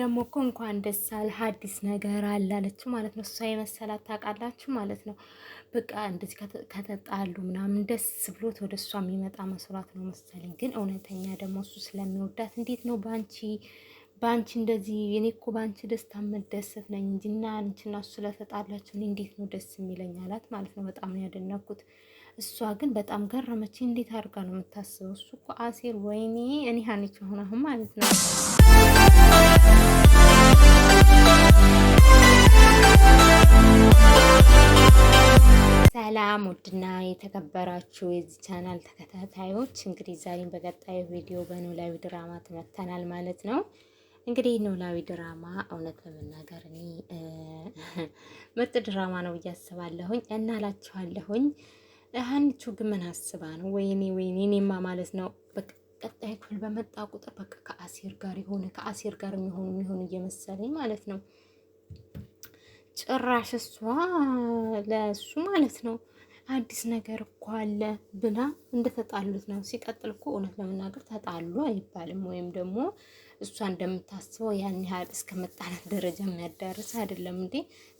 ደግሞ እኮ እንኳን ደስ አለ አዲስ ነገር አለ አለችው ማለት ነው። እሷ የመሰላት ታውቃላችሁ ማለት ነው። በቃ እንደዚህ ከተጣሉ ምናምን ደስ ብሎት ወደ እሷ የሚመጣ መስሏት ነው መሰለኝ። ግን እውነተኛ ደግሞ እሱ ስለሚወዳት እንዴት ነው ባንቺ በአንቺ እንደዚህ እኔ እኮ በአንቺ ደስታ መደሰት ነኝ እንጂ እና አንቺና እሱ ስለተጣላችሁ እንዴት ነው ደስ የሚለኝ አላት ማለት ነው። በጣም ነው ያደነኩት። እሷ ግን በጣም ገረመች። እንዴት አድርጋ ነው የምታስበው? እሱ እኮ አሴር ወይኔ እኔ ሀኒች ሆነ አሁን ማለት ነው ሰላም ውድና የተከበራችሁ የዚህ ቻናል ተከታታዮች እንግዲህ ዛሬም በቀጣዩ ቪዲዮ በኖላዊ ድራማ ተመተናል ማለት ነው። እንግዲህ ኖላዊ ድራማ እውነት በመናገር እኔ ምርጥ ድራማ ነው ብዬ አስባለሁኝ እና ሀኒቹ ግን ምን አስባ ነው? ወይኔ ወይኔ፣ እኔማ ማለት ነው ቀጣይ ክፍል በመጣ ቁጥር በቃ ከአሴር ጋር የሆነ ከአሴር ጋር የሚሆኑ የሚሆኑ እየመሰለኝ ማለት ነው። ጭራሽ እሷ ለእሱ ማለት ነው አዲስ ነገር እኮ አለ ብላ እንደተጣሉት ነው። ሲቀጥል እኮ እውነት ለመናገር ተጣሉ አይባልም፣ ወይም ደግሞ እሷ እንደምታስበው ያን ያህል እስከ መጣላት ደረጃ የሚያዳርስ አይደለም እንዴ።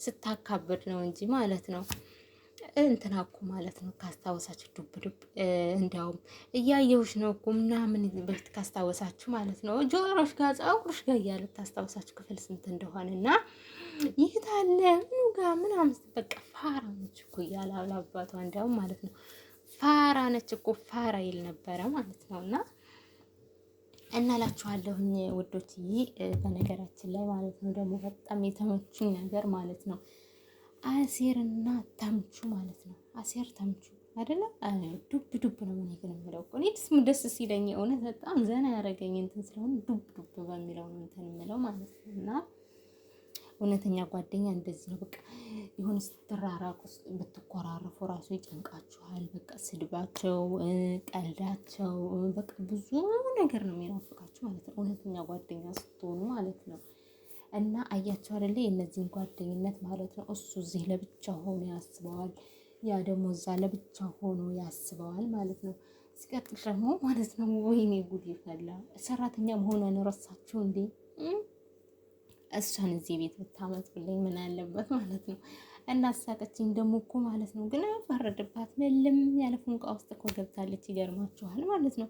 ስታካብድ ነው እንጂ ማለት ነው። እንትና እኮ ማለት ነው ካስታወሳችሁ ዱብ ዱብ እንዲያውም እያየሁሽ ነው እኮ ምናምን በፊት ካስታወሳችሁ ማለት ነው ጆሮሽ ጋር ፀጉሮሽ ጋር እያለ ታስታወሳችሁ ክፍል ስንት እንደሆነ እና ይህታለ ምኑ ጋር ምናምን በቃ ፋራ ነች እኮ እያለ አብላባቷ እንዲያውም ማለት ነው ፋራ ነች እኮ ፋራ ይል ነበረ ማለት ነው እና እናላችኋለሁኝ ውዶችዬ፣ በነገራችን ላይ ማለት ነው ደግሞ በጣም የተመቹኝ ነገር ማለት ነው አሴርና እና ተምቹ ማለት ነው። አሴር ተምቹ አይደለ? ዱብ ዱብ ነው ምን ግን የምለው እኮ እኔ ደስ ሲለኝ እውነት በጣም ዘና ያደረገኝ እንትን ስለሆነ ዱብ ዱብ በሚለው ነው እንትን የምለው ማለት ነው። እና እውነተኛ ጓደኛ እንደዚህ ነው። በቃ የሆነ ስትራራቁ ብትኮራረፉ ራሱ ይጨንቃችኋል። በቃ ስድባቸው፣ ቀልዳቸው፣ በቃ ብዙ ነገር ነው የሚናፍቃችሁ ማለት ነው። እውነተኛ ጓደኛ ስትሆኑ ማለት ነው። እና አያቸው አደለ የእነዚህን ጓደኝነት ማለት ነው። እሱ እዚህ ለብቻ ሆኖ ያስበዋል፣ ያ ደግሞ እዛ ለብቻ ሆኖ ያስበዋል ማለት ነው። ሲቀጥል ደግሞ ማለት ነው ወይኔ ጉድ ይፈላ ሰራተኛ መሆኗን ረሳችሁ እንዴ? እሷን እዚህ ቤት ብታመጡልኝ ምን አለበት ማለት ነው። እና አሳቀችኝ ደግሞ እኮ ማለት ነው። ግን አፈረደባት ምልም ያለ ፉንቃ ውስጥ እኮ ገብታለች። ይገርማችኋል ማለት ነው።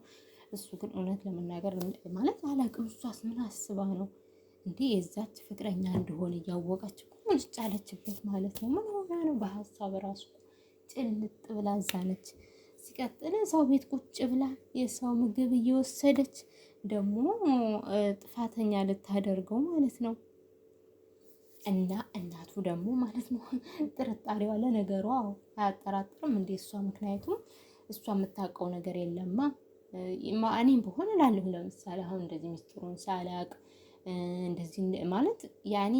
እሱ ግን እውነት ለመናገር ማለት አላቅም። እሷስ ምን አስባ ነው እንዴ የዛች ፍቅረኛ እንደሆነ እያወቀች ቁንጭ አለችበት ማለት ነው። ምን ሆና ነው? በሀሳብ ራሱ ጭልጥ ብላ ዛለች። ሲቀጥል ሰው ቤት ቁጭ ብላ የሰው ምግብ እየወሰደች ደግሞ ጥፋተኛ ልታደርገው ማለት ነው። እና እናቱ ደግሞ ማለት ነው ጥርጣሬዋ ለነገሯ አያጠራጥርም እንዴ እሷ ምክንያቱም እሷ የምታውቀው ነገር የለማ። እኔም በሆነ ላለሁ ለምሳሌ አሁን እንደዚህ ሚስጥሩን ሳላቅ እንደዚህ ማለት ያኔ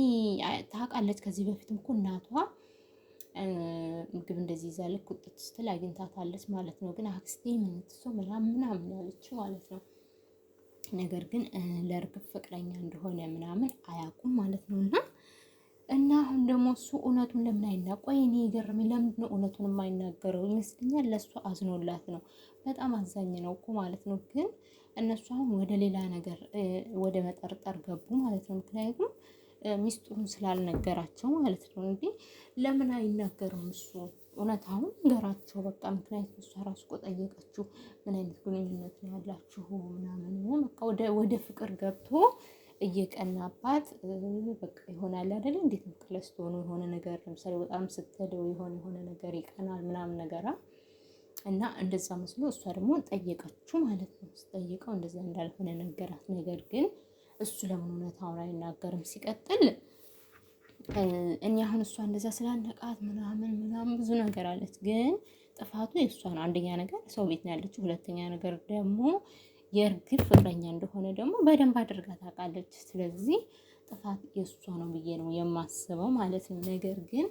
ታውቃለች። ከዚህ በፊትም እኮ እናቷ ምግብ እንደዚህ ይዛ ልክ ውጥት ስትል አግኝታታለች ማለት ነው። ግን አክስቴ ምንትሶ ምናምን ምናምን ያለች ማለት ነው። ነገር ግን ለእርግብ ፍቅረኛ እንደሆነ ምናምን አያውቁም ማለት ነው። እና እና አሁን ደግሞ እሱ እውነቱን ለምን አይናቆ እኔ ይገርም። ለምንድን ነው እውነቱን የማይናገረው? ይመስለኛል ለእሱ አዝኖላት ነው። በጣም አዛኝ ነው እኮ ማለት ነው ግን እነሱ አሁን ወደ ሌላ ነገር ወደ መጠርጠር ገቡ ማለት ነው። ምክንያቱም ሚስጥሩን ስላልነገራቸው ማለት ነው። እንዴ ለምን አይናገርም እሱ እውነታውን ንገራቸው በቃ። ምክንያቱም እሷ ራሱ እኮ ጠየቀችው፣ ምን አይነት ግንኙነት ነው ያላችሁ ምናምን። በቃ ወደ ፍቅር ገብቶ እየቀናባት በቃ ይሆናል አይደለ? እንዴት ምክለስ ሆኖ የሆነ ነገር ለምሳሌ በጣም ስትለው የሆነ የሆነ ነገር ይቀናል ምናምን ነገራ እና እንደዛ መስሎ እሷ ደግሞ ጠየቀችው ማለት ነው። ስጠይቀው እንደዛ እንዳልሆነ ነገራት። ነገር ግን እሱ ለምን እውነታውን አይናገርም? ሲቀጥል እኔ አሁን እሷ እንደዛ ስላነቃት ምናምን ምናምን ብዙ ነገር አለት። ግን ጥፋቱ የእሷ ነው። አንደኛ ነገር ሰው ቤት ነው ያለችው፣ ሁለተኛ ነገር ደግሞ የእርግብ ፍቅረኛ እንደሆነ ደግሞ በደንብ አድርጋ ታውቃለች። ስለዚህ ጥፋት የእሷ ነው ብዬ ነው የማስበው ማለት ነው። ነገር ግን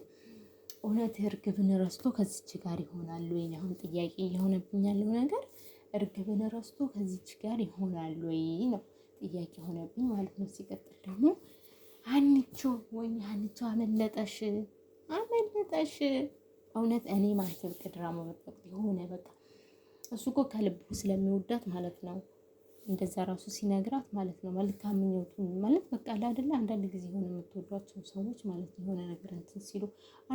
እውነት እርግብን ረስቶ ከዚች ጋር ይሆናሉ ወይ? አሁን ጥያቄ እየሆነብኝ ያለው ነገር እርግብን ረስቶ ከዚች ጋር ይሆናሉ ወይ ነው ጥያቄ የሆነብኝ ማለት ነው። ሲቀጥል ደግሞ አንቾ ወይ አንቾ አመለጠሽ አመለጠሽ። እውነት እኔ ማለት ነው ድራማ የሆነ በቃ እሱ እኮ ከልቡ ስለሚወዳት ማለት ነው እንደዛ ራሱ ሲነግራት ማለት ነው መልካምኞቱ ማለት በቃ አይደለ አንዳንድ ጊዜ የሆነ የምትወዷቸው ሰዎች ማለት የሆነ ነገር እንትን ሲሉ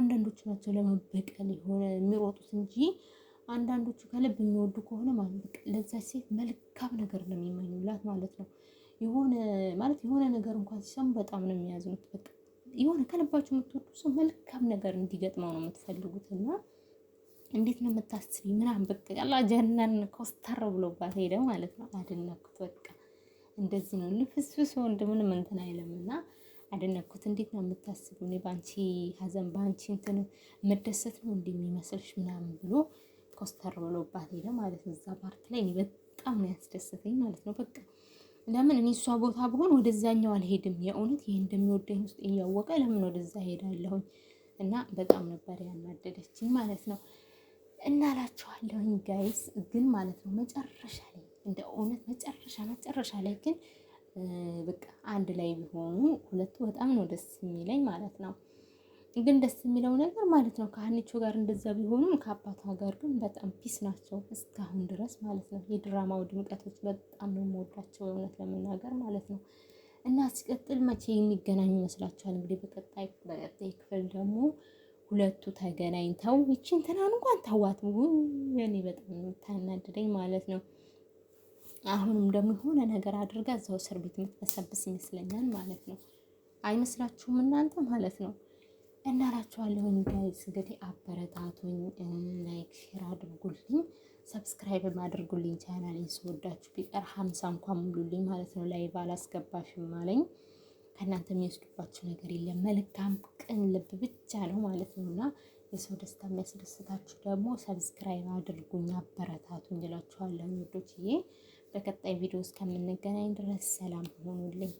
አንዳንዶቹ ናቸው ለመበቀል የሆነ የሚሮጡት እንጂ አንዳንዶቹ ከልብ የሚወዱ ከሆነ ማለት ለዛ ሴት መልካም ነገር ነው የሚመኙላት ማለት ነው። የሆነ ማለት የሆነ ነገር እንኳን ሲሰሙ በጣም ነው የሚያዝኑት። በቃ የሆነ ከልባቸው የምትወዱ ሰው መልካም ነገር እንዲገጥመው ነው የምትፈልጉት እና እንዴት ነው የምታስቢ ምናምን በቃ ያላ ኮስተር ብሎባት ሄደ ማለት ነው። አደነኩት በቃ እንደዚህ ነው ልፍስፍስ ወንድ ምንም እንትን አይለምና አደነኩት። እንዴት ነው የምታስቢ እኔ በአንቺ ሀዘን በአንቺ እንትን መደሰት ነው እንደ የሚመስልሽ ምናምን ብሎ ኮስተር ብሎባት ሄደ ማለት ነው። እዛ ፓርት ላይ እኔ በጣም ነው ያስደሰተኝ ማለት ነው። በቃ ለምን እኔ እሷ ቦታ ብሆን ወደዛኛው አልሄድም። የእውነት ይህ እንደሚወደኝ ውስጥ እያወቀ ለምን ወደዛ ሄዳለሁኝ? እና በጣም ነበር ያናደደችኝ ማለት ነው። እናላችኋለሁኝ ጋይስ። ግን ማለት ነው መጨረሻ ላይ እንደ እውነት መጨረሻ መጨረሻ ላይ ግን በቃ አንድ ላይ ቢሆኑ ሁለቱ በጣም ነው ደስ የሚለኝ ማለት ነው። ግን ደስ የሚለው ነገር ማለት ነው ከሀኒቾ ጋር እንደዛ ቢሆኑም ከአባቷ ጋር ግን በጣም ፒስ ናቸው እስካሁን ድረስ ማለት ነው። የድራማው ድምቀቶች በጣም ነው የምወዳቸው እውነት ለመናገር ማለት ነው። እና ሲቀጥል መቼ የሚገናኙ ይመስላችኋል? እንግዲህ በቀጣይ በቀጣይ ክፍል ደግሞ ሁለቱ ተገናኝተው ይቺ እንትናን እንኳን ታዋት እኔ በጣም የምታናድደኝ ማለት ነው። አሁንም ደግሞ የሆነ ነገር አድርጋ እዛው እስር ቤት የምትበሰብስ ይመስለኛል ማለት ነው። አይመስላችሁም እናንተ ማለት ነው። እናላችኋለሁ ጋይስ እንግዲህ አበረታቱኝ፣ ላይክ ሼር አድርጉልኝ፣ ሰብስክራይብ አድርጉልኝ። ቻናል ስወዳችሁ ቢቀር ሀምሳ እንኳን ሙሉልኝ ማለት ነው። ላይቭ አላስገባሽም አለኝ ከእናንተ የሚወስዱባችሁ ነገር የለም። መልካም ቅን ልብ ብቻ ነው ማለት ነው እና የሰው ደስታ የሚያስደስታችሁ ደግሞ ሰብስክራይብ አድርጉኝ፣ እንላችኋለን። ወዶች ውዶችዬ። በቀጣይ ቪዲዮ እስከምንገናኝ ድረስ ሰላም ሆኑልኝ።